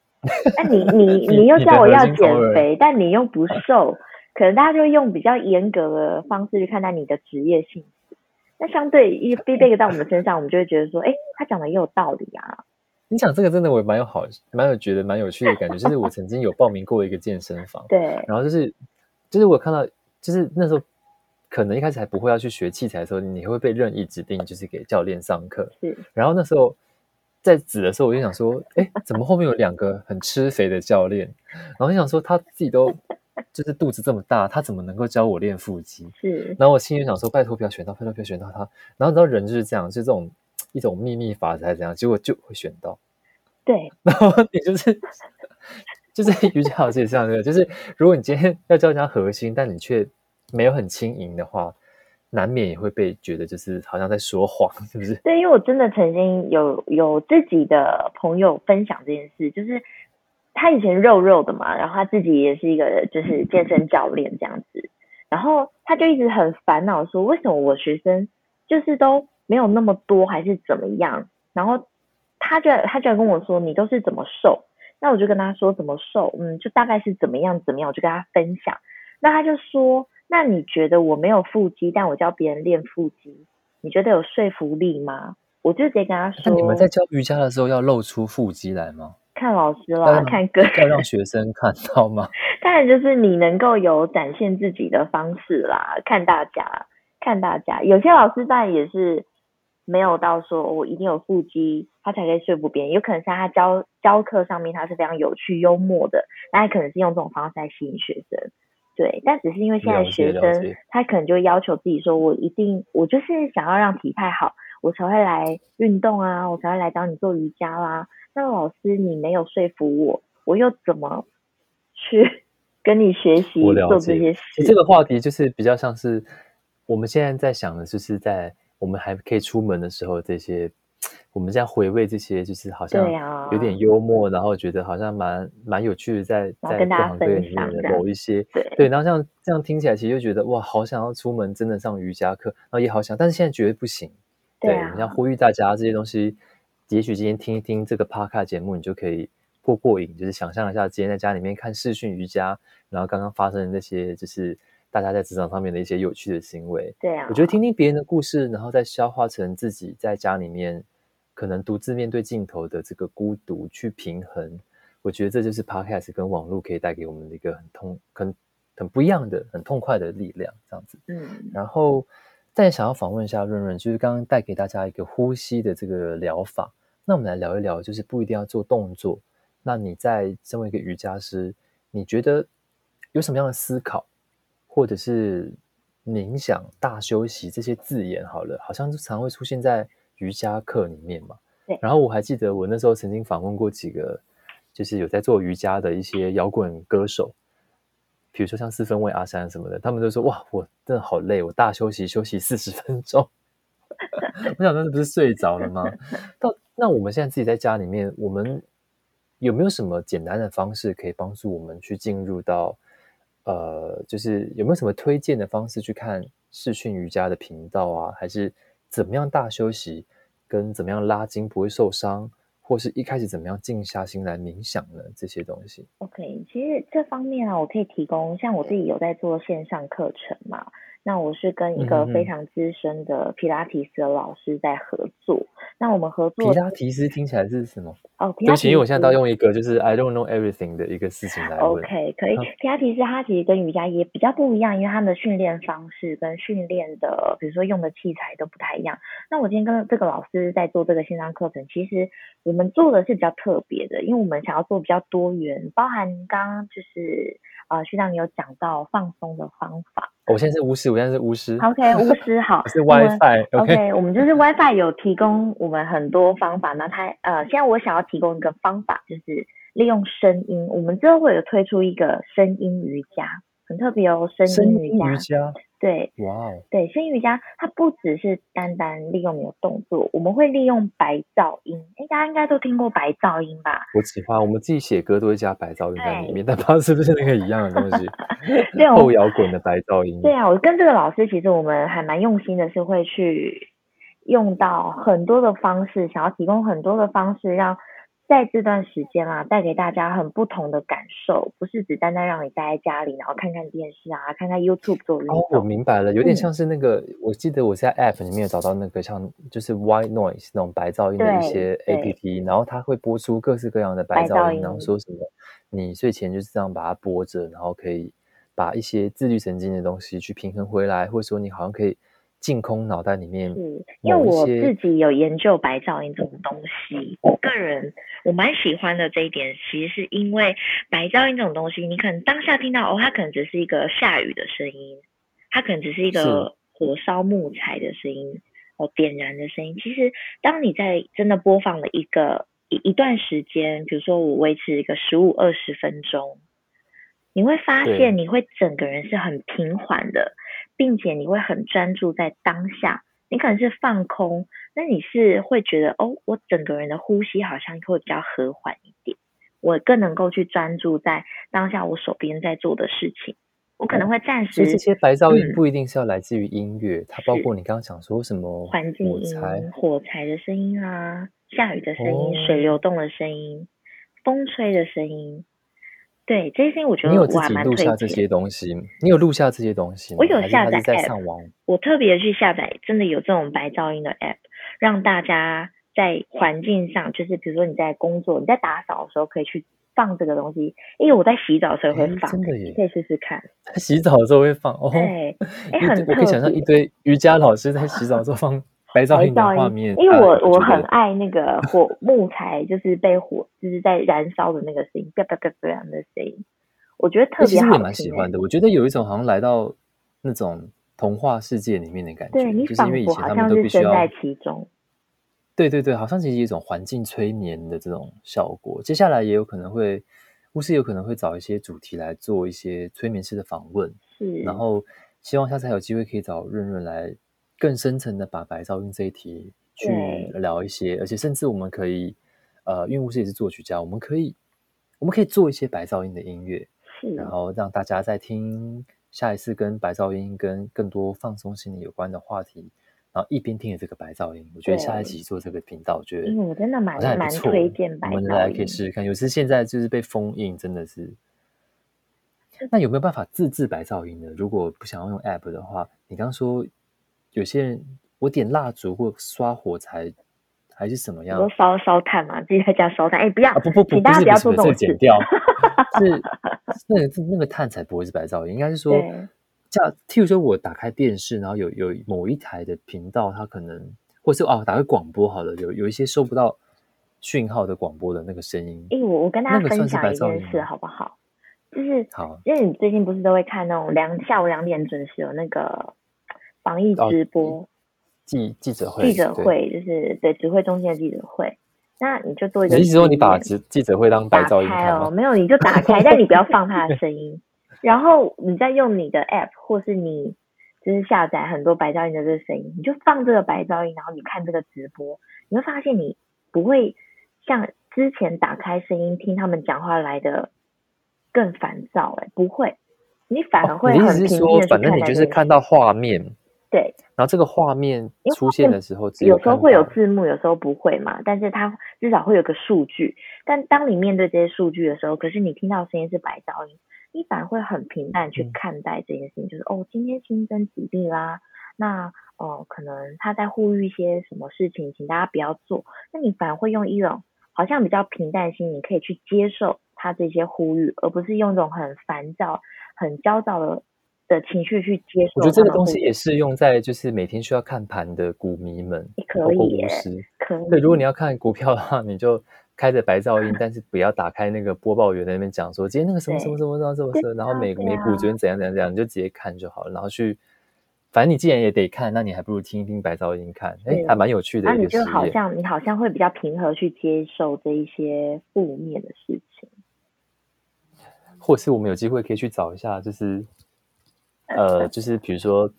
那 [laughs] 你你你，你，你，你又叫我要減肥，你但你又不瘦，嗯、可能大家就會用比較嚴格的方式去看待你的職業性質，那相對一 feedback 到我們身上，我們就會覺得說，哎、欸，他講的也有道理啊。你講這個真的，我蠻有好，蠻有覺得蠻有趣的感覺。就是我曾經有報名過一個健身房， [laughs] 對，然後就是就是我看到就是那時候可能一開始還不會要去學器材的時候，你會被任意指定就是給教練上課，是，然後那時候。在指的時候，我就想說，哎，怎麼後面有兩個很吃肥的教練？然後就想說，他自己都就是肚子這麼大，他怎麼能夠教我練腹肌？是，然後我心裡想說，拜托不要選到，拜托不要選到他。然後你知道人就是這樣，就這種一種秘密法則，還是怎樣？結果就會選到。對，然後你就是就是瑜伽老師也這樣，對，就是如果你今天要教人家核心，但你卻沒有很輕盈的話。難免也會被覺得就是好像在說謊，是不是？對，因為我真的曾經有有自己的朋友分享這件事，就是他以前肉肉的嘛，然後他自己也是一個就是健身教練這樣子，然後他就一直很煩惱說，為什麼我學生就是都沒有那麼多，還是怎麼樣？然後他就，他就來跟我說，你都是怎麼瘦？那我就跟他說怎麼瘦，嗯，就大概是怎麼樣怎麼樣，我就跟他分享，那他就說。那你覺得我沒有腹肌，但我教別人練腹肌，你覺得有說服力嗎？我就直接跟他說，你們在教瑜伽的時候要露出腹肌來嗎？看老師啦，然看各歌要讓學生看到嗎？當然就是你能夠有展現自己的方式啦，看大家，看大家。有些老師當然也是沒有到說、哦、我一定有腹肌，他才可以說服別人。有可能是他教教課上面他是非常有趣幽默的，那可能是用這種方式來吸引學生。對，但只是因為現在學生，他可能就要求自己說：“我一定，我就是想要讓體態好，我才會來運動啊，我才會來找你做瑜伽啦、啊。”那老師，你沒有說服我，我又怎麼去跟你學習做這些事？這個話題就是比較像是我們現在在想的，就是在我們還可以出門的時候這些。我們在回味這些，就是好像有點幽默，啊、然後覺得好像蠻蠻有趣的在，在在各行各業裡面有有一些對對，然後像這樣聽起來，其實就覺得哇，好想要出門真的上瑜伽課，然後也好想，但是現在絕對不行。對，對啊、你要呼籲大家這些東西，也許今天聽一聽這個 podcast 節目，你就可以過過癮，就是想象一下今天在家裡面看視訊瑜伽，然後剛剛發生的那些，就是大家在職場上面的一些有趣的行為。對啊，我覺得聽聽別人的故事，然後再消化成自己在家裡面。可能獨自面對鏡頭的這個孤獨去平衡，我覺得這就是 Podcast 跟網絡可以帶給我們的一個很痛、很很不一樣的、很痛快的力量，這樣子。嗯。然後，再想要訪問一下潤潤，就是剛剛帶給大家一個呼吸的這個療法。那我們來聊一聊，就是不一定要做動作。那你在身為一個瑜伽師，你覺得有什麼樣的思考，或者是冥想、大休息這些字眼？好了，好像就常常會出現在。瑜伽課裡面嘛，對然後我還記得我那時候曾經訪問過幾個，就是有在做瑜伽的一些搖滾歌手，比如說像四分衛阿山什麼的，他們都說：“哇，我真的好累，我大休息休息四十分鐘。 [laughs] ”我想當時不是睡着了嗎？ [laughs] 到那我們現在自己在家裡面，我們有沒有什麼簡單的方式可以幫助我們去進入到？呃，就是有沒有什麼推薦的方式去看視訊瑜伽的頻道啊？還是？怎麼樣大休息，跟怎麼樣拉筋不會受傷，或是一開始怎麼樣靜下心來冥想呢？這些東西，OK，其實這方面啊，我可以提供，像我自己有在做線上課程嘛。那我是跟一個非常資深的皮拉提斯的老師在合作。嗯嗯，那我們合作皮拉提斯聽起來是什麼？哦、oh，對不起，因為我現在到用一個就是 I don't know everything 的一個事情來問。OK，可以。皮拉提斯他其實跟瑜伽也比較不一樣，嗯、因為他們的訓練方式跟訓練的，比如說用的器材都不太一樣。那我今天跟這個老師在做這個線上課程，其實我們做的是比較特別的，因為我們想要做比較多元，包含剛剛就是啊，徐、呃、長你有講到放鬆的方法。我現在是巫師，我現在是巫師。OK，巫師好。 [laughs] 是 WiFi。OK，我們就是 WiFi 有提供我們很多方法。嗯、那它呃，現在我想要提供一個方法，就是利用聲音。我們之後會有推出一個聲音瑜伽。很特別哦，聲音瑜伽，瑜伽，對，哇哦 Wow，對，聲瑜伽，它不只是單單利用你的動作，我們會利用白噪音，欸，大家應該都聽過白噪音吧？我喜歡，我們自己寫歌都會加白噪音在裡面，對但它是不是那個一樣的東西， [laughs] 對我後搖滾的白噪音。對啊，我跟這個老師其實我們還蠻用心的，是會去用到很多的方式，想要提供很多的方式讓。在這段時間啊，帶給大家很不同的感受，不是只單單讓你待在家裡，然後看看電視啊，看看 YouTube 做運動。哦，我明白了，有點像是那個，嗯，我記得我在 App 裡面有找到那個像就是 White Noise 那種白噪音的一些 APP，然後它會播出各式各樣的白噪音，噪音，然後說什麼你睡前就是這樣把它播着，然後可以把一些自律神經的東西去平衡回來，或者說你好像可以。淨空腦袋裡面，因為我自己有研究白噪音這種東西，嗯、我個人我蠻喜歡的這一點，其實是因為白噪音這種東西，你可能當下聽到哦，它可能只是一個下雨的聲音，它可能只是一個火燒木材的聲音，是哦，點燃的聲音。其實當你在真的播放了一個一一段時間，比如說我維持一個十五二十分鐘，你會發現你會整個人是很平緩的。並且你會很專注在當下，你可能是放空，那你是會覺得哦，我整個人的呼吸好像會比較和緩一點，我更能夠去專注在當下我手邊在做的事情，我可能會暫時。其、哦、這些白噪音不一定是要來自於音樂，嗯、是它包括你剛剛講說什麼火柴、環境音火柴的聲音啊，下雨的聲音、哦、水流動的聲音、風吹的聲音。對這些，我覺得我還蠻推薦，你有自己錄下這些東西，你有錄下這些東西嗎？我有下載，我特別去下載，真的有這種白噪音的 app，讓大家在環境上，就是比如說你在工作、你在打掃的時候，可以去放這個東西。因為我在洗澡的時候會放，真的可以試試看。他洗澡的時候會放哦。對，哎，很，我可以想象一堆瑜伽老師在洗澡的時候放。 [laughs] 白噪音的畫面，因為我、呃、我很愛那個火木材，就是被火就 [laughs] 是在燃燒的那個聲音，嘎嘎嘎嘎樣的聲音，我覺得特別。其實也蠻喜歡的， [laughs] 我覺得有一種好像來到那種童話世界裡面的感覺，就是因為以前他們都必須要在其中。對對對，好像其實一種環境催眠的這種效果。接下來也有可能會，巫師有可能會找一些主題來做一些催眠式的訪問，是，然後希望下次還有機會可以找潤潤來。更深層的把白噪音這一題去聊一些，對而且甚至我們可以，呃，因為巫師也是作曲家，我們可以，我們可以做一些白噪音的音樂，是然後讓大家再聽下一次跟白噪音跟更多放鬆心理有關的話題，然後一邊聽着這個白噪音。對我覺得下一集做這個頻道，對我覺得、嗯、真的蠻蠻推薦，我們大家可以試試看。有時現在就是被封印，真的是。那有沒有辦法自制白噪音呢？如果不想要用 App 的話，你剛剛說。有些人，我點蠟燭或刷火柴，還是什麼樣？比如說燒燒炭嘛，自己在家燒炭。哎、欸，不要、啊，不不不，大家不要做這種事，不是不是這剪掉。 [laughs] 是那，那個那個炭才不會是白噪音，應該是說叫對，譬如說，我打開電視，然後有有某一台的頻道，它可能，或是哦，打開廣播，好了，有有一些收不到訊號的廣播的那個聲音。哎、欸，我我跟大家分享一件事，好不好？就是，好，因為你最近不是都會看那種兩下午兩點準時有那個。防疫直播、哦、記記者會記者會就是對，對指揮中心的記者會，那你就做一個。你意思說你把記記者會當白噪音開嗎，開哦、 [laughs] 沒有，你就打開，但你不要放他的聲音， [laughs] 然後你再用你的 app 或是你就是下載很多白噪音的這個聲音，你就放這個白噪音，然後你看這個直播，你會發現你不會像之前打開聲音聽他們講話來的更煩躁哎，不會，你反而會很平靜、哦、你意思是說，反正你就是看到畫面。對，然後這個畫面出現的時候有、欸，有時候會有字幕，有時候不會嘛。但是它至少會有個數據。但當你面對這些數據的時候，可是你聽到聲音是白噪音，你反而會很平淡去看待這件事情，嗯、就是哦，今天新增幾例啦、啊。那哦、呃，可能他在呼籲一些什麼事情，請大家不要做。那你反而會用一種好像比較平淡心，你可以去接受他這些呼籲，而不是用一種很煩躁、很焦躁的，的情緒去接受。我覺得這個東西也適用在就是每天需要看盤的股民們，欸、可、以可以，股可以。對，如果你要看股票的話，你就開着白噪音，嗯、但是不要打開那個播報員在那邊講說對今天那個什麼什麼什麼什麼什麼、什麼，對然後美美、啊、股昨天怎樣怎樣怎樣，你就直接看就好了。然後去，反正你既然也得看，那你還不如聽一聽白噪音。看，哎，還蠻有趣的。就好像你好像會比較平和去接受這一些負面的事情，或是我們有機會可以去找一下，就是。呃，就是比如說，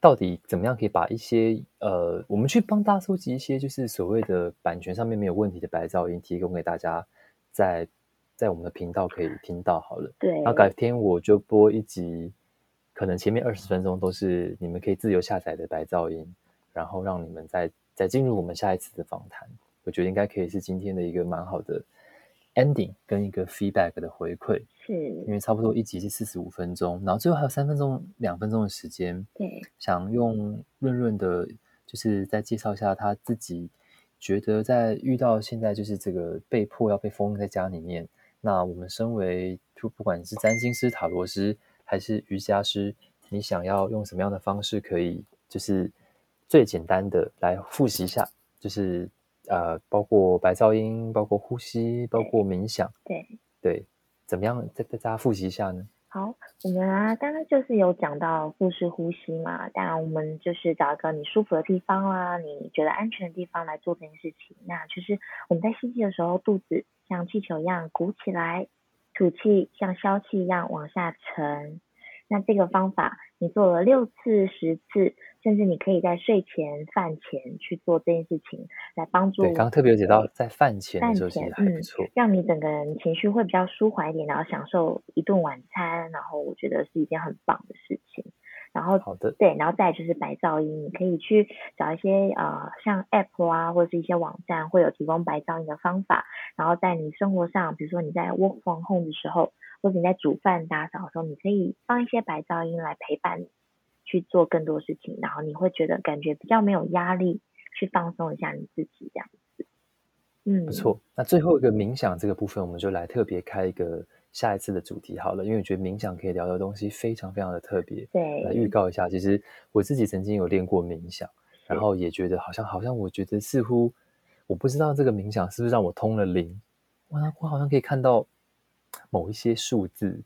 到底怎麼樣可以把一些呃，我們去幫大家收集一些，就是所謂的版權上面沒有問題的白噪音，提供給大家在，在在我們的頻道可以聽到好了。對。然後改天我就播一集，可能前面二十分鐘都是你們可以自由下載的白噪音，然後讓你們再再進入我們下一次的訪談。我覺得應該可以是今天的一個蠻好的。Ending 跟一個 feedback 的回饋，是，因為差不多一集是四十五分鐘，然後最後還有三分鐘、兩分鐘的時間，對，想用潤潤的，就是再介紹一下他自己覺得在遇到現在就是這個被迫要被封在家裡面，那我們身為就不管是占星師、塔羅師還是瑜伽師，你想要用什麼樣的方式可以就是最簡單的來複習一下，就是。呃，包括白噪音，包括呼吸，包括冥想，對對，對，怎麼樣？再再大家複習一下呢？好，我們啊，剛剛就是有講到腹式呼吸嘛，當然我們就是找一個你舒服的地方啦，啊，你覺得安全的地方來做這件事情。那就是我們在吸氣的時候，肚子像氣球一樣鼓起來，吐氣像消氣一樣往下沉。那這個方法，你做了六次、十次，甚至你可以在睡前、飯前去做這件事情，來幫助我。對，剛剛特別有解到在飯前的時候，嗯，讓你整個人情緒會比較舒緩一點，然後享受一頓晚餐，然後我覺得是一件很棒的事情。然後，好的，對，然後再就是白噪音，你可以去找一些呃，像 App 啊，或者是一些網站，會有提供白噪音的方法。然後在你生活上，比如說你在 Work from home 的時候，或者你在煮飯、打掃的時候，你可以放一些白噪音來陪伴你去做更多事情，然後你會覺得感覺比較沒有壓力，去放鬆一下你自己這樣子。嗯，不錯。那最後一個冥想這個部分，我們就來特別開一個下一次的主題好了，因為我覺得冥想可以聊聊的東西非常非常的特別。對，來預告一下，其實我自己曾經有練過冥想，是然後也覺得好像好像，我覺得似乎我不知道這個冥想是不是讓我通了靈。哇，我好像可以看到某一些數字，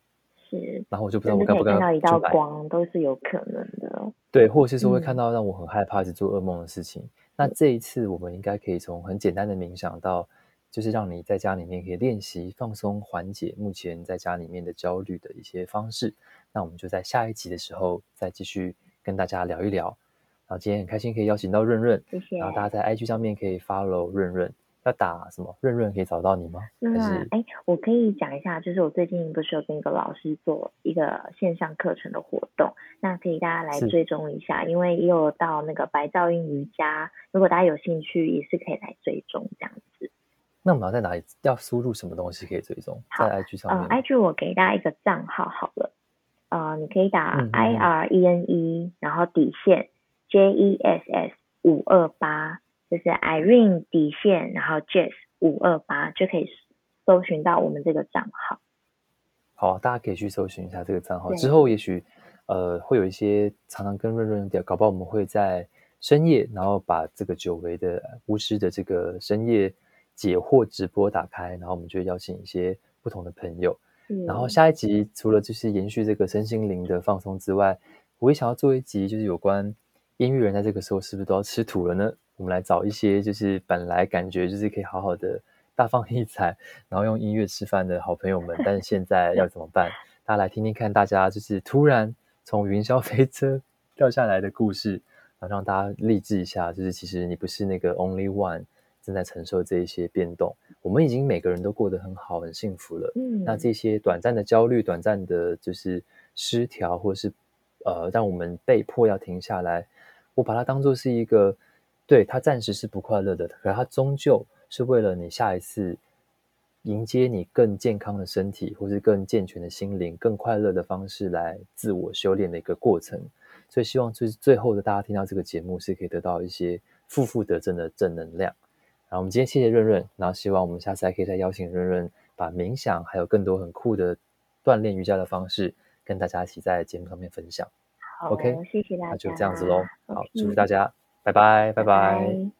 是。然後我就不知道我該不該看到一道光，都是有可能的。對，或者是說會看到讓我很害怕，是做噩夢的事情。嗯，那這一次我們應該可以從很簡單的冥想到。就是讓你在家裡面可以練習放鬆緩解目前在家裡面的焦慮的一些方式。那我們就在下一集的時候再繼續跟大家聊一聊。然後今天很開心可以邀請到潤潤，謝謝。然後大家在 IG 上面可以 follow 潤潤。要打什麼？潤潤可以找到你嗎？嗯麼，哎是，我可以講一下，就是我最近不是有跟一個老師做一個線上課程的活動，那可以大家來追蹤一下，是因為也有到那個白噪音瑜伽，如果大家有興趣也是可以來追蹤這樣子。那我們要在哪裡要輸入什麼東西可以追蹤好在 IG 上面？uh,IG 我給大家一個賬號好了，呃、uh，你可以打 I R E N E，然後底線 J E S S 五二八，就是 Irene 底線，然後 Jess 五二八就可以搜尋到我們這個賬號好，大家可以去搜尋一下這個賬號對之後也許呃會有一些常常跟潤潤的搞不好我們會在深夜，然後把這個久違的巫師的這個深夜。解惑直播打開，然後我們就邀請一些不同的朋友。嗯、然後下一集除了就是延續這個身心靈的放鬆之外，我也想要做一集，就是有關音樂人在這個時候是不是都要吃土了呢？我們來找一些就是本來感覺就是可以好好的大放異彩，然後用音樂吃飯的好朋友們，但是現在要怎麼辦？ [laughs] 大家來聽聽看，大家就是突然從雲霄飛車掉下來的故事，然後讓大家勵志一下，就是其實你不是那個 only one。正在承受這一些變動，我們已經每個人都過得很好、很幸福了。嗯、那這些短暫的焦慮、短暫的就是失調，或是呃，讓我們被迫要停下來，我把它當做是一個，對它暫時是不快樂的，可它終究是為了你下一次迎接你更健康的身體，或是更健全的心靈、更快樂的方式來自我修煉的一個過程。所以，希望最最後的大家聽到這個節目，是可以得到一些負負得正的正能量。嗯然後我們今天謝謝潤潤，然後希望我們下次還可以再邀請潤潤，把冥想還有更多很酷的鍛鍊瑜伽的方式跟大家一起在節目上面分享。好，OK，謝謝大家，那就這樣子嘍。好，祝福大家，Okay. 拜拜，拜拜。